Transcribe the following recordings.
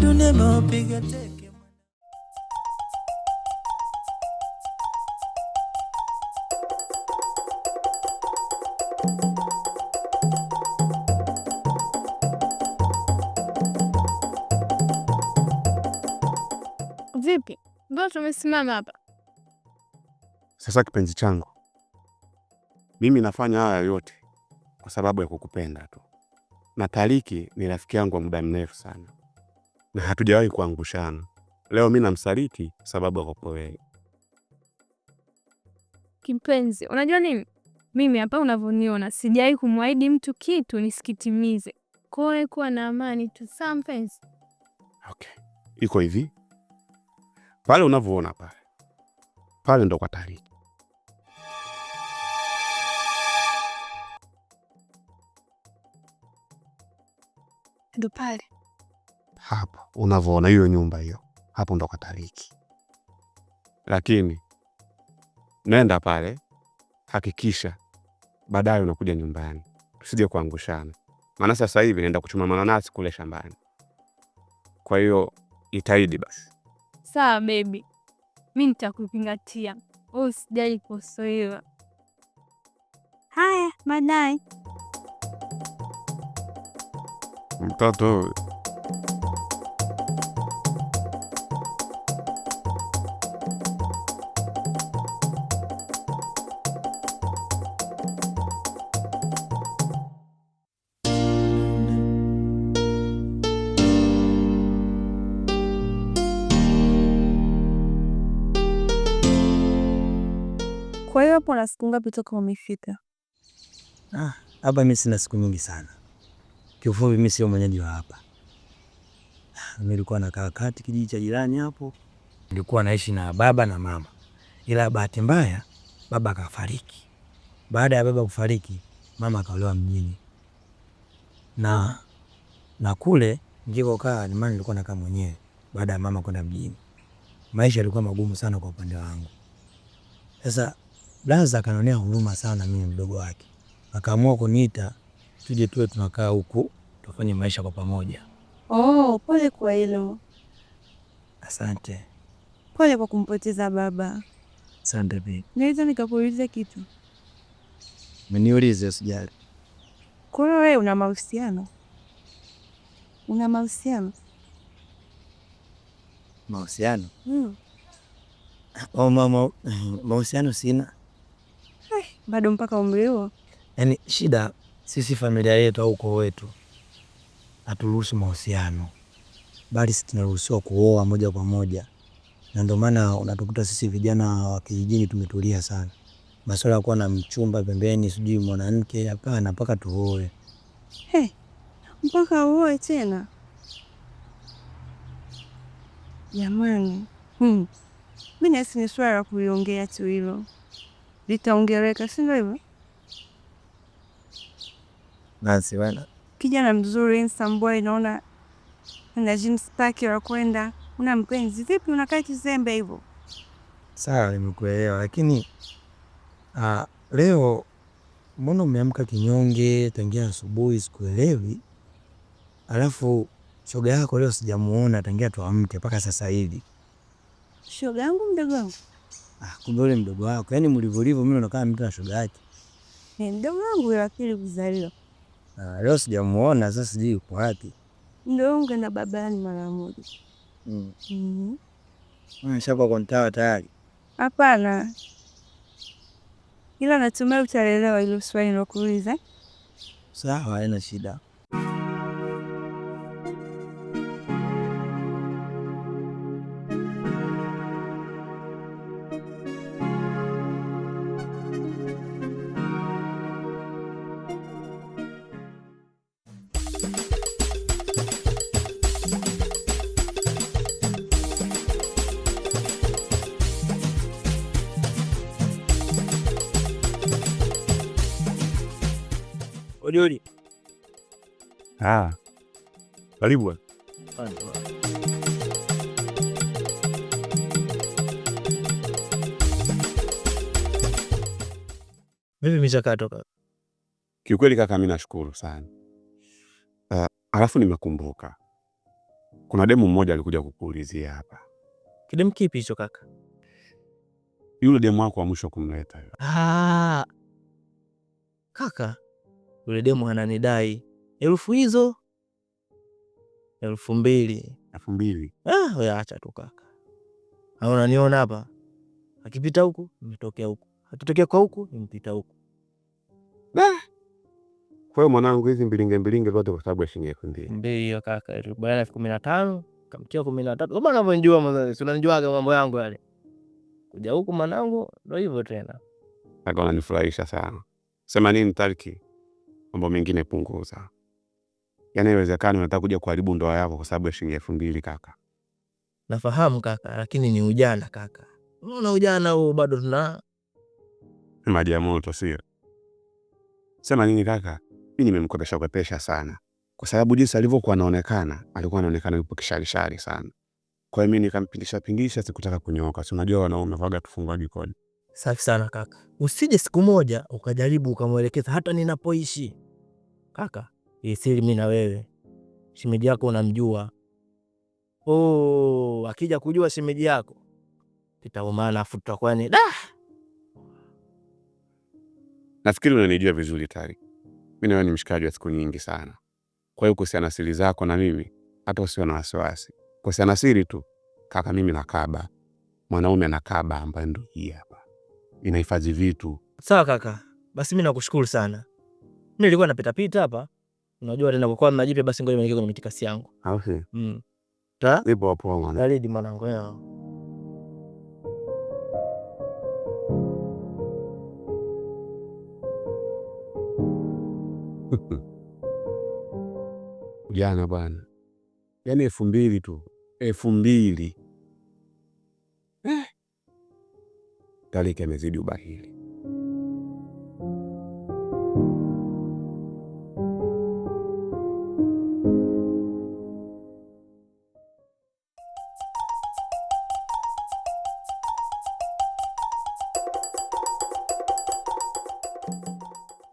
dunia teke. Vipi, mbona tumesimama hapa sasa? Kipenzi changu, mimi nafanya haya yote kwa sababu ya kukupenda tu, na Tariki ni rafiki yangu wa muda mrefu sana na hatujawahi kuangushana. Leo mi namsaliti sababu akopo wewe. Kipenzi, unajua nini, mimi hapa unavyoniona, sijawahi kumwahidi mtu kitu nisikitimize. Koe kuwa na amani tu sawa mpenzi. Okay, iko hivi pale unavyoona pale pale ndo kwa Talii. Ndo pale hapa unavyoona hiyo nyumba hiyo, hapo ndo katariki. Lakini nenda pale, hakikisha baadaye unakuja nyumbani, tusije kuangushana, maana sasa hivi naenda kuchuma mananasi kule shambani. Kwa hiyo itaidi basi. Sawa bebi, mi nitakuzingatia, usijali oh, kusoewa. Haya, baadaye mtoto ngapi toka umefika ah, hapa? Ah, mi sina siku nyingi sana kiufupi, mi sio mwenyeji wa hapa. Ah, nilikuwa nakaa kati kijiji cha jirani hapo, nilikuwa naishi na baba na mama, ila bahati mbaya baba akafariki. Baada ya baba kufariki, mama akaolewa mjini na na kule njikokaa ni maana nilikuwa nakaa mwenyewe. Baada ya mama kwenda mjini, maisha yalikuwa magumu sana kwa upande wangu. Sasa Blaza kanonea huruma sana mimi mdogo wake, akaamua kuniita tuje tuwe tunakaa huku tufanye maisha kwa pamoja. Oh, pole kwa hilo. Asante. Pole kwa kumpoteza baba. Asante pia. Naweza nikakuuliza kitu? Mniulize, usijali. Kwa hiyo wewe una mahusiano? Una mahusiano? Mahusiano? Mm. Oh, mama, mahusiano sina bado mpaka umri huo. Yaani shida sisi familia yetu au ukoo wetu haturuhusu mahusiano, bali sisi tunaruhusiwa kuoa moja kwa moja, na ndio maana unatukuta sisi vijana wa kijijini tumetulia sana. Masuala ya kuwa na mchumba pembeni, sijui mwanamke, hapana, mpaka tuoe. Hey, mpaka uoe tena jamani? Hmm, mi nahisi ni swala la kuliongea tu hilo litaongereka, si ndio hivyo? Nancy wewe kijana mzuri Nsambwe, naona na jeans paki wa kwenda, una mpenzi vipi? Unakaa kizembe hivyo? Sawa, nimekuelewa, lakini uh, leo mbona umeamka kinyonge tangia asubuhi? Sikuelewi. Alafu shoga yako leo sijamuona tangia tuamke mpaka sasa hivi. Shoga yangu mdogo wangu Ah, kumbe ule mdogo wako. Yaani mlivolivo mimi nakaa mtu na shoga yake. Ni mdogo wangu yule akili kuzaliwa. Ah, leo sijamuona sasa sijui yuko wapi. Ndio baba babani mara moja. Mm. Mhm. Mm. kwa mtawa tayari. Hapana. Ila natumai utaelewa ile swali nilokuuliza. Sawa, haina shida. O Ah. Karibu. Vipi michakato kaka? Kiukweli kaka, mimi nashukuru sana. Uh, alafu nimekumbuka kuna demu mmoja alikuja kukuulizia hapa. Kidemu kipi hicho kaka? Yule demu wako wa mwisho kumleta yule. Ah. Kaka, yule demu ananidai elfu hizo elfu mbili elfu mbili Ah, wewe acha tu kaka, au ah, unaniona hapa, akipita huku nimetokea huku, akitokea kwa huku nimpita huku. Kwa hiyo mwanangu, hizi mbilinge mbilinge zote kwa sababu ya shilingi elfu mbili mbili hiyo kaka, elfu kumi na tano kamkia kumi na tatu kama unavyonijua, si unanijuaga mambo yangu yale, kuja huku mwanangu, ndo hivyo tena. Kaka unanifurahisha sana, sema nini Tariki? mambo mengine punguza. Yaani inawezekana unataka kuja kuharibu ndoa yako kwa sababu ya shilingi elfu mbili kaka. Nafahamu kaka, lakini ni ujana kaka. Unaona ujana huu bado tuna maji ya moto, sio? Sema nini kaka? Mimi nimemkopesha kopesha sana kwa sababu jinsi alivyokuwa anaonekana, alikuwa anaonekana yupo kisharishari sana. Kwa hiyo mimi nikampindisha pindisha, sikutaka kunyoka. Si unajua wanaume vaga tufungwa jikoni. Safi sana kaka, usije siku moja ukajaribu ukamwelekeza hata ninapoishi kaka, hii siri mimi na wewe, shemeji yako unamjua. Oh, akija kujua shemeji yako tutaumana, afu tutakuwa ni da. Nafikiri unanijua vizuri Tari, mi wewe ni mshikaji wa siku nyingi sana. Kwa hiyo kuhusiana na siri zako na mimi, hata usio na wasiwasi kuhusiana na siri tu kaka, mimi nakaba mwanaume anakaba ambaye ndo hii hapa inahifadhi vitu. Sawa kaka, basi mi nakushukuru sana mimi nilikuwa napita pita hapa. Unajua tena kwa kwa basi ngoja nielekee kwenye mitikasi yangu. Okay. Mm. Ta? Nipo hapo Dalidi mwanangu yao. Jana bwana, yaani elfu mbili tu, elfu mbili eh. Tariki amezidi ubahili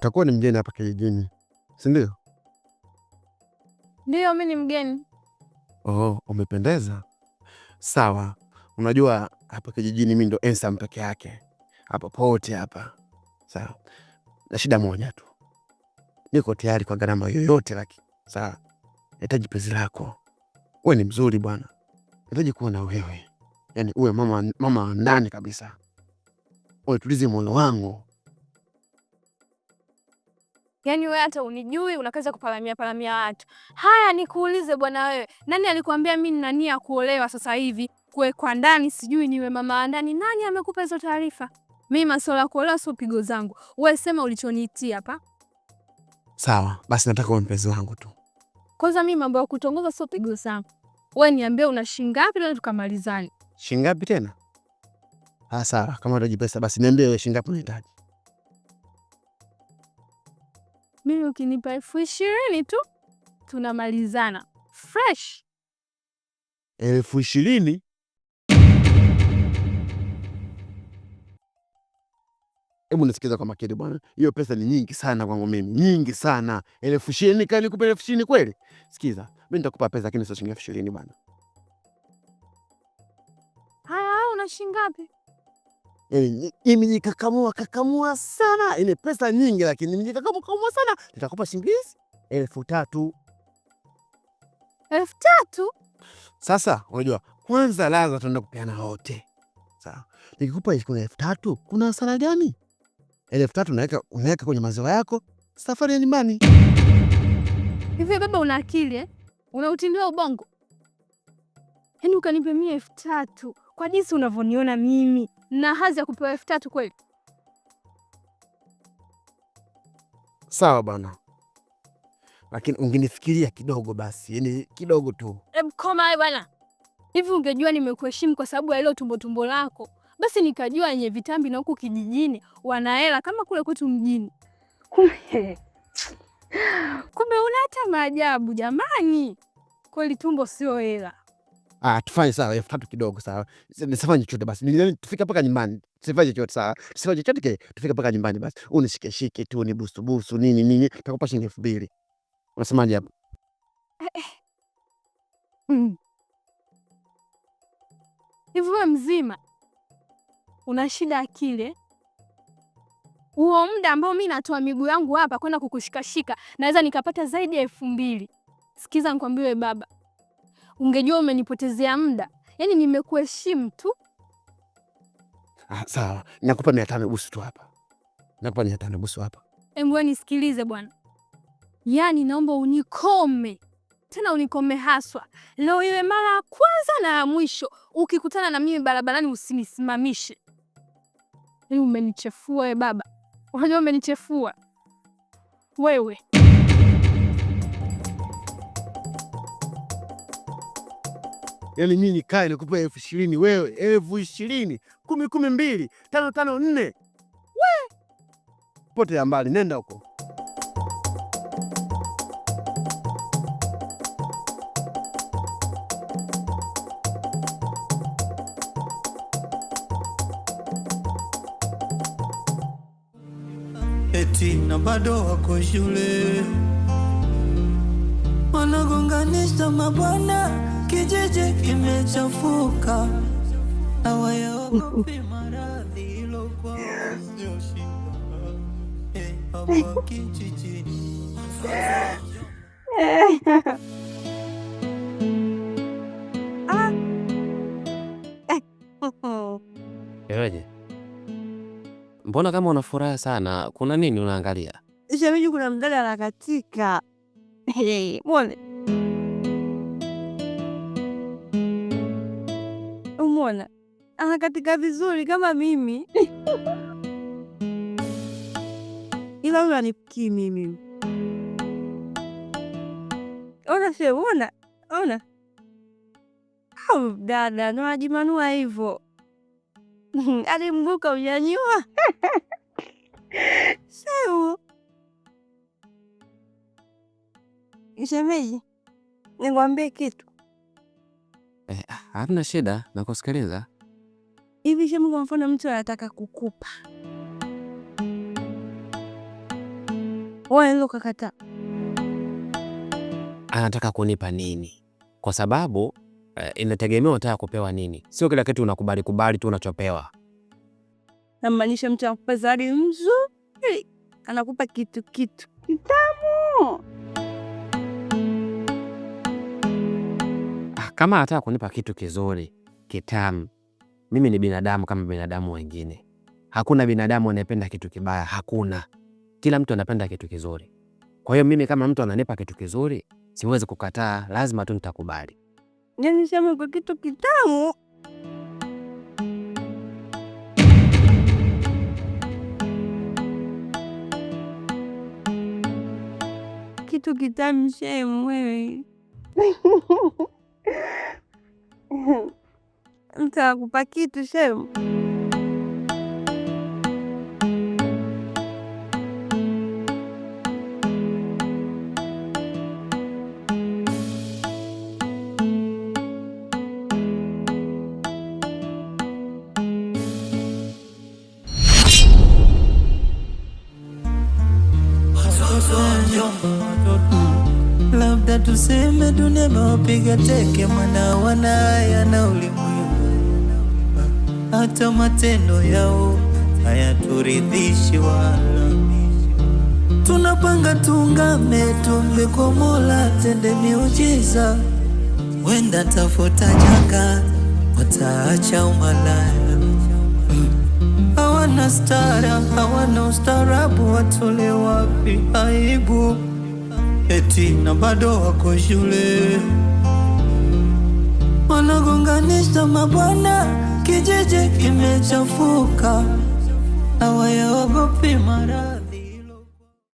utakuwa ni mgeni hapa kijijini, si ndio? Ndio, ni mgeni. Oh, umependeza. Sawa, unajua hapa kijijini mi ndo Ensam peke yake hapa pote hapa. Sawa, na shida moja tu, niko tayari kwa gharama yoyote, lakini sawa, nahitaji pezi lako. Uwe ni mzuri bwana, nahitaji kuwa na wewe, yaani uwe mama, mama ndani kabisa, uwe tulize moyo wangu Yaani wewe hata unijui unakaza kupalamia palamia watu. Haya, nikuulize bwana, wewe nani alikwambia mimi nina nia kuolewa sasa hivi, kuwekwa ndani, sijui niwe mama wa ndani? Nani amekupa hizo taarifa? Mimi masuala ya kuolewa sio pigo zangu. Wewe sema ulichoniitia hapa. Sawa basi, nataka uwe mpenzi wangu tu. Kwanza mimi mambo ya kutongoza sio pigo zangu. Wewe niambie, una shilingi ngapi na tukamalizane? Shilingi ngapi tena? Ah, sawa, kama unajipesa basi niambie wewe shilingi ngapi unahitaji. Mimi ukinipa elfu ishirini tu tunamalizana fresh. elfu ishirini Hebu nisikiza kwa makini bwana, hiyo pesa ni nyingi sana kwangu mimi, nyingi sana. elfu ishirini kani kupa elfu ishirini kweli? Sikiza, mi nitakupa pesa, lakini sio shilingi elfu ishirini bwana. Haya, una shilingi ngapi? Eh, imejikakamua kakamua sana, ile pesa nyingi, lakini imejikakamua kakamua sana. Nitakupa shilingi elfu tatu. Elfu tatu? Sasa unajua kwanza laza tuenda kupeana wote, sawa? Nikikupa kuna elfu tatu, kuna hasara gani? Elfu tatu unaweka unaweka kwenye maziwa yako, safari ya nyumbani. Hivi baba, una akili eh? Unautindia ubongo? Yaani ukanipe mia elfu tatu kwa jinsi unavyoniona mimi na hadhi ya kupewa elfu tatu kweli? Sawa bana lakini ungenifikiria kidogo basi, yani kidogo tu. Mkoma bana, hivi ungejua nimekuheshimu kwa sababu ya ile tumbo tumbo lako, basi nikajua yenye vitambi na huku kijijini wanahela kama kule kwetu mjini. Kumbe kumbe una hata maajabu jamani, kweli tumbo sio hela. Ah, tufanye sawa, elfu tatu kidogo, sawa. Nisifanye chochote basi, yaani, tufika mpaka nyumbani, sifanye chochote sawa, sifanye chochote kile, tufika mpaka nyumbani basi, unishikeshike tu, ni busu busu nini nini, takupa shilingi elfu mbili. Unasemaje hapo? Eh, eh. Mm. Hivi we mzima una shida akili? Huo muda ambao mi natoa miguu yangu hapa kwenda kukushikashika, naweza nikapata zaidi ya elfu mbili. Sikiza nikwambiwe baba ungejua umenipotezea muda. Yaani nimekuheshimu tu. Ah, sawa, nakupa mia tano busu tu hapa, nakupa mia tano busu hapa. Embu nisikilize bwana, yaani naomba unikome tena, unikome haswa. Leo iwe mara ya kwanza na ya mwisho. Ukikutana na mimi barabarani usinisimamishe. Yaani umenichefua we baba, unajua umenichefua wewe. yani mimi nikae nikupa elfu ishirini wewe, elfu ishirini kumi kumi mbili tano tano nne pote ya mbali, nenda huko. Eti na bado wako shule wanagonganisha mabwana kijiji kimechafuka na wayaogopi maradhi eh, eh. eh. Eweje, mbona kama una furaha sana? Kuna nini unaangalia shemeji? Kuna mdada anakatika. unaona anakatika ah, vizuri kama mimi ila huyo anifikii mimi. Ona she, ona ona, au dada nawajimanua hivyo alimbuka unyanyua seu shemeji, nikwambie kitu eh. Ah hatuna shida na kusikiliza. Hivi shemu, kwa mfano mtu anataka kukupa wewe, ukakataa, anataka kunipa nini? Kwa sababu eh, inategemea unataka kupewa nini. Sio kila kitu unakubali kubali tu unachopewa. Namaanisha mtu anakupa zawadi nzuri, anakupa kitu kitu kitamu Kama anataka kunipa kitu kizuri kitamu, mimi ni binadamu kama binadamu wengine. Hakuna binadamu anayependa kitu kibaya, hakuna. Kila mtu anapenda kitu kizuri. Kwa hiyo mimi kama mtu ananipa kitu kizuri siwezi kukataa, lazima tu nitakubali. Nisema yaani kwa kitu kitamu kitu kitamu shemu wewe Ntakupa kitu shemu. Tuseme dunia imewapiga teke, mwana haya na ulimwengu, hata matendo yao hayaturidhishi wala. Tunapanga tungame, tumbe kwa Mola, tende miujiza, wenda tafuta jaka wataacha umalaya. Hawana stara, hawana ustarabu, watole wapi aibu eti na bado wako shule, wanagonganisha mabwana, kijiji kimechafuka, hawayaogopi mara